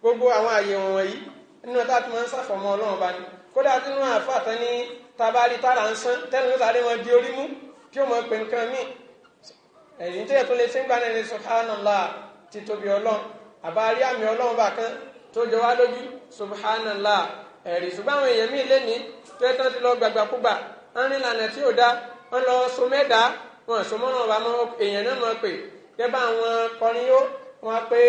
gbogbo àwọn àyè wọn wọ̀nyí nínú táà tó máa ń ṣàfọ̀mọ́ ọlọ́run ọba ni kódà tí wọn àfàtà ní tabali tára ń sán tẹnu ó sáré wọn di orí mú kí ó mọ nǹkan míì ẹ̀yìn tí ètò lè ṣe nínú subhanallah ti tóbi ọlọ́run àbá rí àmì ọlọ́run bá kan tó jọ wá lójú subhanallah ẹ̀rí ṣùgbọ́n àwọn èèyàn míì lẹ́ni tó tán ti lọ gbàgbàkúgbà wọn ní ìlànà tí ò dá wọn lọ so mẹ́ta wọn so mọ́nà ọba mọ́ èèyàn náà mọ́ pé gẹ́gbà àwọn kọrin yó wọn pé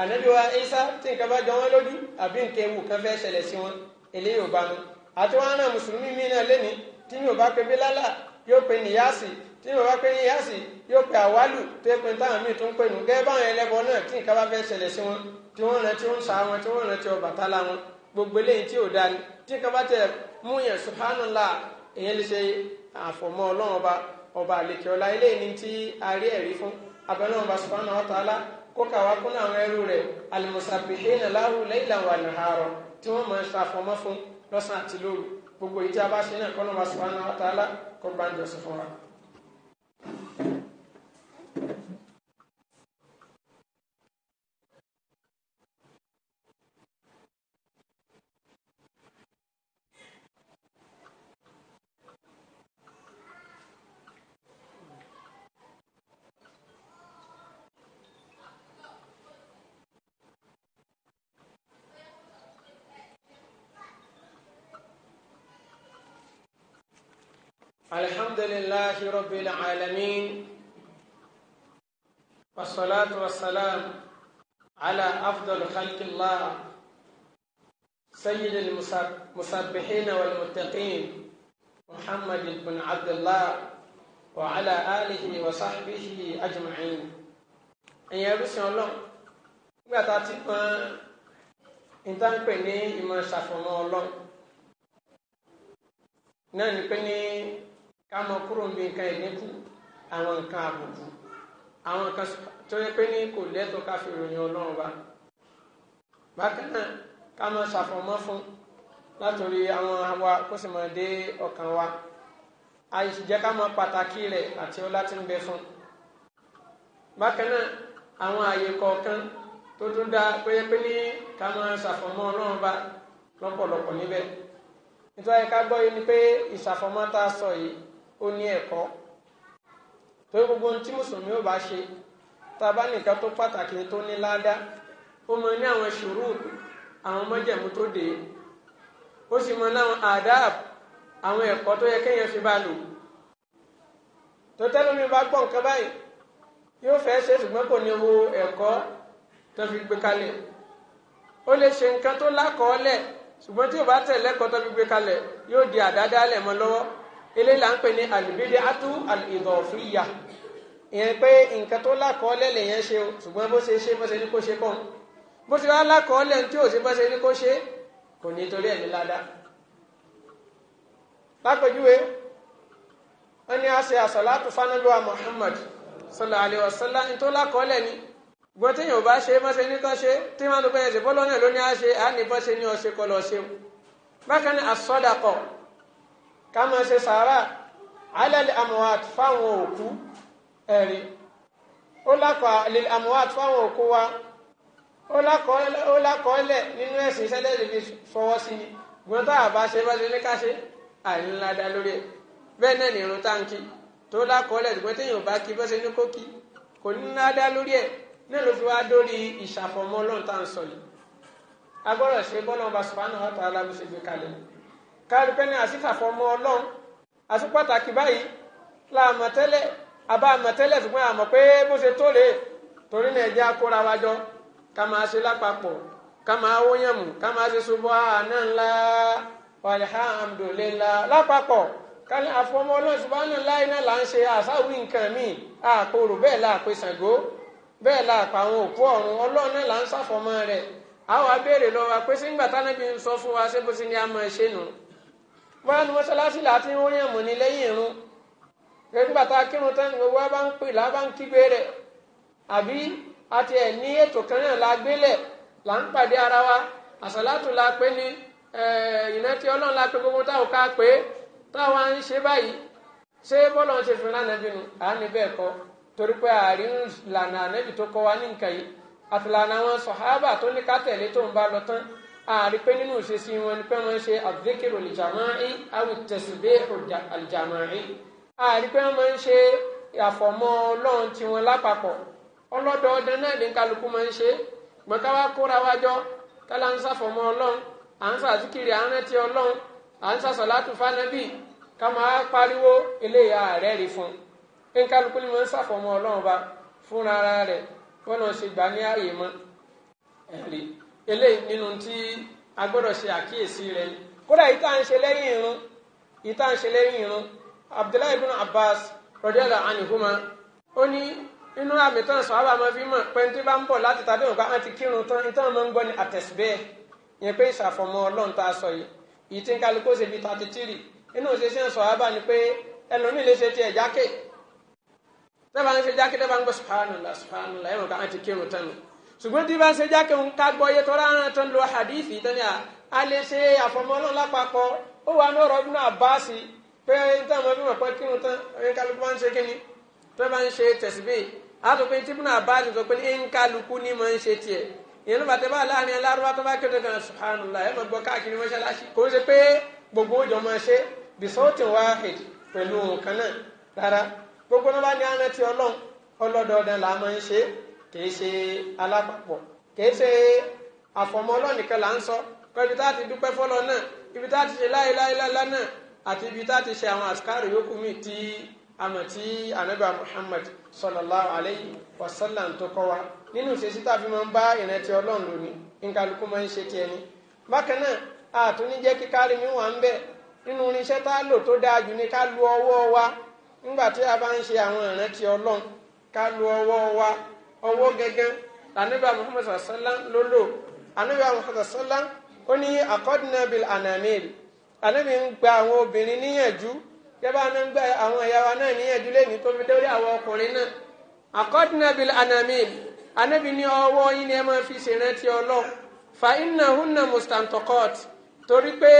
ànábíwá Isa tí nǹkan bá jọ wọn lójú àbí nǹkan ewu kan fẹ́ ṣẹlẹ̀ sí wọn ele ò bá mu àti wọn náà mùsùlùmí mi náà lẹ́ni tí yóò bá pe bílálà yóò pe níyàsì tí yóò bá pe níyàsì yóò pe àwálù tó yẹ pé táwọn míì tó ń pè nù gẹ́gẹ́ báwọn ẹlẹ́bọ náà tí nǹkan bá fẹ́ ṣẹlẹ̀ sí wọn tí wọ́n ti ń sa wọn tí wọ́n rántí Ọbàtálá wọn gbogbo eléyìí tí ò da ni tí nǹkan bá mú yẹn lè ṣe ọba ọba eléyìí ni fún ọba kó kàwá kún àwọn ẹrú tí wọ́n máa ṣàfọmọ́ fún lọ́sàn àti lóru gbogbo ìjà bá ṣe náà kọ́nà wa subhanahu wa ta'ala sí fún wa. الحمد لله رب العالمين والصلاة والسلام على أفضل خلق الله سيد المسبحين والمتقين محمد بن عبد الله وعلى آله وصحبه أجمعين ẹ̀yin ẹrúsìn الله nígbà tá a ti pọn ìtànpẹ̀ ní ìmọ̀ ṣàfọ̀mọ́ ọlọ́run ka mọ kúrò níbi nǹkan ìdínkù àwọn nǹkan àbùkù àwọn nǹkan tó yẹ pé ní kò lẹ́tọ̀ọ́ ká fi ròyìn ọlọ́run bá bákan náà ká máa ṣàfọ̀mọ́ fún látòrí àwọn àwa kó sì máa dé ọkàn wa àìsìjẹ́ ká mọ pàtàkì rẹ̀ àti ọlá tí ń bẹ fún bákan náà àwọn àyè kọ̀ọ̀kan tó tún dá péye pé ní ká máa ṣàfọ̀mọ́ ọlọ́run bá lọ́pọ̀lọpọ̀ níbẹ̀ nítorí ká gbọ́ yìí ni pé ìṣàfọ̀mọ́ tá a sọ yìí ó ní ẹ̀kọ́ torí gbogbo ohun tí mùsùlùmí ò bá ṣe tá a bá nìkan tó pàtàkì tó ní ládá ó mọ ní àwọn ṣùrùtù àwọn mọ́jẹ̀mú tó dé ó sì mọ láwọn àdáàb àwọn ẹ̀kọ́ tó yẹ kéèyàn fi bá lò tó tẹ́lómi bá gbọ́ nǹkan báyìí yóò fẹ́ ṣe ṣùgbọ́n kò ní wo ẹ̀kọ́ tó fi gbé kalẹ̀ ó lè ṣe nǹkan tó lákọ̀ọ́lẹ̀ ṣùgbọ́n tí ò bá tẹ̀ lẹ́kọ̀ọ́ tó fi gbé kalẹ̀ yóò di àdádálẹ̀ mọ́ lọ́wọ́ eléyìí là ń pè ní al-bid'atu al-idafiyya ìyẹn pé nǹkan tó lákọọ́lẹ̀ lèyẹn ṣe o ṣùgbọ́n bó ṣe ṣe bó ṣe ní kó ṣe kọ́ bó ṣe wá lákọọ́lẹ̀ tí ò ṣe bó ṣe ní kó ṣe kò ní torí ẹ̀mí ládàá lápèjúwe wọn ní a ṣe àṣàlátù fanabiwa Muhammad sallallahu alaihi wasallam ní tó lákọọ́lẹ̀ ni gbọ́n tí yóò bá ṣe mọ́ṣe ní kan ṣe tí wọ́n lọ pé ẹ̀sìn bọ́lọ́ náà ló ní a ṣe à ní bọ́ ṣe ní ọṣẹ ká máa sara sàárà alẹ́lẹ́ amuhat fáwọn oku ẹ̀rí ó lákọ̀ alẹ́lẹ́ amuhat fáwọn wa ó lákọ̀ọ́lẹ̀ nínú ẹ̀sìn sẹ́lẹ̀ ni gbọ́n tá a bá ṣe bá ṣe ní ká ṣe àìníláda e ẹ̀ náà ní irun táǹkì tó kò ní náà ló fi dórí tá sọ yìí ṣe ọba wa ta'ala gbé kalẹ̀ káàdùpẹ́ ní àṣìfàfọ́mọ́ ọlọ́run àṣìpàtàkì báyìí láàmọ̀ tẹ́lẹ̀ àbá àmọ̀ tẹ́lẹ̀ ṣùgbọ́n àmọ̀ pé bó ṣe tó lè torí náà ẹ̀jẹ̀ akóra ká máa ṣe lápapọ̀ ká máa ká máa ṣe subhana ńlá walhamdulillah lápapọ̀ ká ní àfọmọ́ ọlọ́run ńlá iná là ń ṣe àṣàwí nǹkan míì bẹ́ẹ̀ bẹ́ẹ̀ àwọn òkú ọ̀run ọlọ́run náà là ń rẹ̀ báyọ̀ mọ́ṣáláṣí láti ń rí àmọ́ ní lẹ́yìn irun rẹ́tí bàtà kírun tán gbogbo wa bá ń pè ń kígbe rẹ̀ àbí àti ẹ̀ ní ètò kan náà la gbélẹ̀ là ń pàdé ara wa la pé ọlọ́run la pé gbogbo táwọn ká pé táwọn ń ṣe báyìí ṣé ń ṣe à kọ́ torí pé àárín tó kọ́ wa ní nǹkan yìí àfìlànà sọ̀hábà tó ní ká tẹ̀lé tó àrí pé nínú ìṣesí wọn ni pé wọ́n ṣe àdékèrò ìjàmáì àwùtẹ̀síbẹ́ ìjàmáì àrí pé wọ́n ṣe àfọ̀mọ́ ọlọ́run tiwọn lápapọ̀ ọlọ́dọọdún náà ní kálukú máa ń ṣe gbọ̀nká wa kóra wa jọ kálá ń sàfọ̀mọ́ ọlọ́run à ń sàzíkiri à ń rántí ọlọ́run à ń sàṣọ̀látù fánábì ká máa pariwo eléyà ààrẹ rí fún un kálukú ni wọ́n ń sàfọ̀mọ́ ọlọ́run ba fúnra rẹ̀ wọ́n lọ ṣe gbà ní ààyè mọ́ ẹ̀rí eléyìí nínú tí a gbọ́dọ̀ ṣe àkíyèsí rẹ̀ ni kódà yìí tá à ń ṣe lẹ́yìn irun yìí tá à ń ṣe lẹ́yìn irun Abdullahi ibn Abbas radiyallahu anhuma ó ní inú àmì tán sọ àbá máa fi mọ̀ pé tí bá ń bọ̀ láti tàbí òǹkà á ti kírun tán ìtàn máa ń gbọ́ ní àtẹ̀síbẹ́ yẹn pé ìṣàfọ̀mọ́ ọlọ́run tá a sọ yìí yìí tí ń kálukú ṣe bíi thirty three inú òṣèṣẹ́ sọ àbá ni pé ẹlòmíì lè ṣe tiẹ̀ jákè tẹ́bà ń ṣe jákè tẹ́bà ń gbọ́ subhanallah subhanallah ẹ̀rọ ṣùgbọ́n tí bá ń ṣe jákè ń ká gbọ́ iye tọ́ra ń tán lo hadithi tani a lè ṣe àfọmọ́lọ́ lápapọ̀ ó wà ní ọ̀rọ̀ Ibn Abbas pé níta àwọn ẹbí mọ̀pẹ́ kírun tán ẹ̀yìn kálukú bá ń ṣe kíni tó bá ń ṣe tẹ̀síbí àtòpé tí Ibn Abbas sọ pé ẹ̀yìn kálukú ni máa ń ṣe tiẹ̀ ìyẹn ló bàtẹ́ bá láàrin alárúbá tó bá kéde kan subhanallah ẹ̀ máa gbọ́ káàkiri mọ́ṣáláṣí kò ń ṣe pé gbogbo òjò máa ṣe bisautin wahid pẹ̀lú nǹkan náà rárá gbogbo náà bá ní àná ti ọlọ́run ọlọ́dọọdún là máa ń ṣe é ka ṣe alápapọ̀ kìí ṣe àfọmọ́ ọlọ́nìkan là ń sọ kọ́ ibi tá a ti dúpẹ́ fọ́lọ́ náà ibi tá a ti ṣe náà àti ibi tá a ti ṣe àwọn àṣkáàrò yòókù mi ti àmọ̀ tí sallallahu alayhi wa sallam tó kọ́ a fi máa ń bá ìrántí ọlọ́run lónìí nkàlùkù máa ń ṣe tiẹ̀ ni bákan náà jẹ́ kíkárí mi wà ń bẹ̀ nínú irinṣẹ́ tá wa nígbà tí a bá ń ṣe àwọn wa ọwọ́ gẹ́gẹ́ lànàbíà muhammad sàlá ló lò ànàbíà muhammad sàlá ó ní akọ́dínàbìl anamil ànàbí ń gba àwọn obìnrin níyànjú yẹ́bà náà ń gba àwọn ẹ̀yà wa náà níyànjú lẹ́yìn tó fi dórí àwọn ọkùnrin náà akọ́dínàbìl anamil ànàbí ní ọwọ́ yín ni ẹ máa fi ṣèrántí ọlọ́ fa inna hunna mustantokot torí pé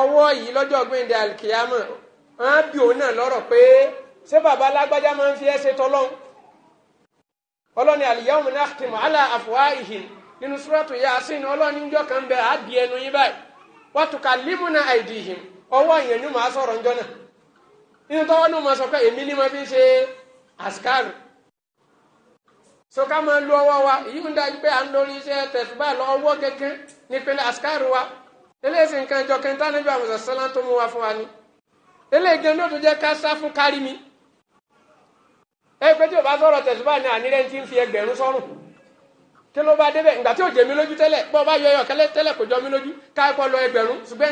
ọwọ́ yìí lọ́jọ́ gbẹ̀ndẹ̀ alikiyama wọ́n á bí òun náà lọ́rọ̀ pé ṣé bàbá alágbájá máa ń fi ẹ́ ṣe tọ́lọ́hún ọlọ́ni al-yawma nakhtimu ala afwahihim nínú suratu yasin ọlọ́ni ńjọ́ kan bẹ àbí ẹnu yín báyìí wa tukallimuna aydihim ọwọ́ yẹn ni màá sọ̀rọ̀ ńjọ́ náà nínú tọ́wọ́ náà máa sọ pé èmi ni mo fi ṣe àṣkárù so ká máa lu ọwọ́ wa èyí ń dájú pé à ń lórí iṣẹ́ tẹ̀síbá lọ ọwọ́ gẹ́gẹ́ nípínlẹ̀ àṣkárù wa eléyìí nǹkan ìjọ kẹntánẹ́jọ àwọn ìṣẹ̀ṣẹ́ ẹ tí o bá sọ̀rọ̀ tẹ̀sùbá ní ànírẹ́ ti ń fi ẹgbẹ̀rún sọ́rùn kí ló bá débẹ̀ ìgbà tí jẹ mí lójú bá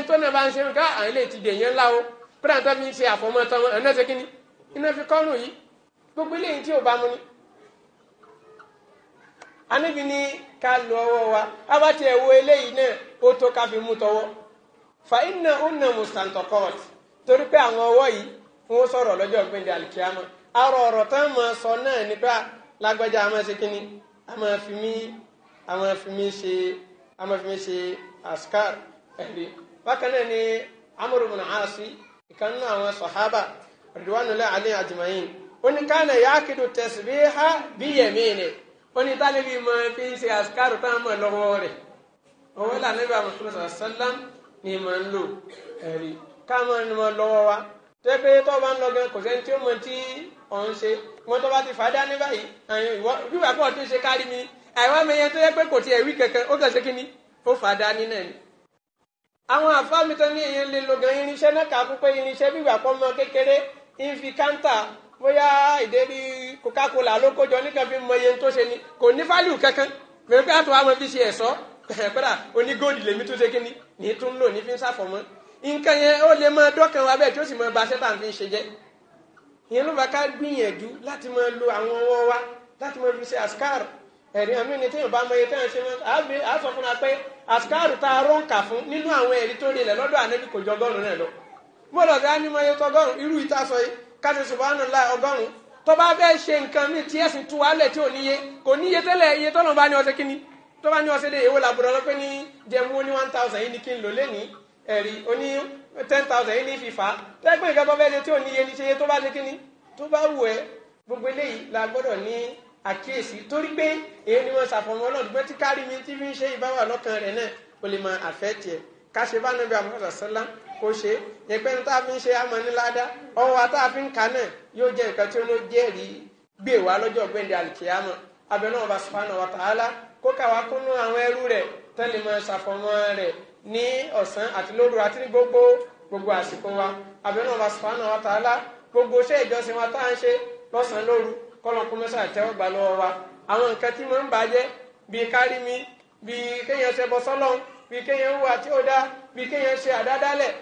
tó náà bá ń ṣe ń ká ti dè yẹn ńlá o pírà tó fi ṣe àfọmọ́ tán wọn ẹ̀nà ṣe iná fi kọ́rùn yìí gbogbo tí bá ni. anábì ni ká ọwọ́ wa a bá tiẹ̀ wo eléyìí náà ó tó ká fi mú tọwọ́ torí àrò ọ̀rọ̀ tá a máa sọ náà nípa lágbájá a máa ṣe kínní a máa fi mí a máa fi mí ṣe a máa fi mí ṣe askar ẹ̀rí bákan náà ni amúrú bin aasi ìkan nínú àwọn sọ̀hábà ridwanullahi alayhi ajma'in ó ní kánà yáàkìdù tasbiha biyamini ó ní tálíbi máa fi ṣe askar tá a máa lọ́wọ́ rẹ̀ òun lànà bí a máa fi ṣe sàlám ni máa ń lò ẹ̀rí ká máa ń lọ́wọ́ wa tẹ́gbẹ́ tó bá ń lọ gan kò sẹ́ni tí ó mọ tí òun ṣe wọn tó bá ti fàá dání báyìí àyàn ìwọ bíbà pọ̀ tó ṣe kárí mi àìwá mi yẹn tó yẹ pé kò tiẹ̀ wí kankan ó kàn ṣe kí ni ó fàá dání náà ni. àwọn àfáà mi tán ní èèyàn lè lo gan irinṣẹ́ náà kà á kú pé irinṣẹ́ bíbà pọ̀ mọ kékeré ń fi káńtà bóyá ìdérí Coca-Cola ló kójọ nìkan fi mọ iye tó ṣe ni kò ní fálíù kankan mẹ́rin pé àtúwà fi ṣe ẹ̀ṣọ́ pẹ́rà nǹkan yẹn ó lè máa dọ́kàn wa bẹ́ẹ̀ tí ó sì máa ba ṣẹ́ bá ń fi ṣe jẹ́ ìyẹn ló bá ká gbìyànjú láti máa lo àwọn ọwọ́ wa láti máa fi ṣe àṣkár ẹ̀rí àmì ni téèyàn bá mọ iye téèyàn ṣe máa á sọ fún wa pé àṣkár tá a rọ́ǹkà fún nínú àwọn ẹ̀rí tó rinlẹ̀ lọ́dọ̀ ànábì kò jọ ọgọ́rùn-ún náà lọ bọ́lọ̀ tí a ní iye tó ọgọ́rùn irú ìta sọ yìí ká ṣe subhanallah ọgọ́rùn tó bá fẹ́ ṣe nǹkan míì tí ẹ̀sìn tú wálẹ̀ tí ò níye kò níye tẹ́lẹ̀ iye tọ́lọ́ bá bá ní ọ̀sẹ̀ one thousand yìí ẹ̀rí oní ten thousand yìí ní fífa tẹ́gbẹ́ ìjọba bẹ́ẹ̀ ṣe tí ò ní iye ní ṣe iye tó bá ṣe kí ni tó bá wù ẹ́ gbogbo eléyìí la gbọ́dọ̀ ní àkíyèsí torí pé èyí ni wọ́n ṣàfọ̀mọ́ ọlọ́dúnmọ́ tí kárí mi tí fi ń ṣe ìbáwà lọ́kàn rẹ̀ náà ó lè máa àfẹ́ tiẹ̀ káṣe bá nàbí àmọ́sà sọ́lá kó ṣe yẹ pé tá a fi ń ṣe àmọ́ níláàdá ọwọ́ wa tá a fi ń kà náà yóò jẹ́ nǹkan tí ó ló jẹ́rìí gbé wa lọ́jọ́ gbẹ̀ndẹ̀ àlìkìyàmọ̀ abẹ náà bá subhanahu wa ta'ala kó káwa kúnú àwọn ẹrú rẹ̀ tẹ́lẹ̀ máa ṣàfọ̀mọ́ rẹ̀ ní ọ̀sán àti lóru àti ní gbogbo gbogbo àsìkò wa àbẹ̀rẹ̀ ọba subhanahu wa ta'ala gbogbo iṣẹ́ ìjọsìn wa tá à ń ṣe lọ́sàn-án lóru kọ́lọ́n mẹ́sàn àtẹ́wọ́ gbà lọ́wọ́ wa àwọn nǹkan tí mo ń bàjẹ́ bíi kárí mi bíi kéèyàn ṣe bọ́ sọ́lọ́n bíi kéèyàn ó dá bíi kéèyàn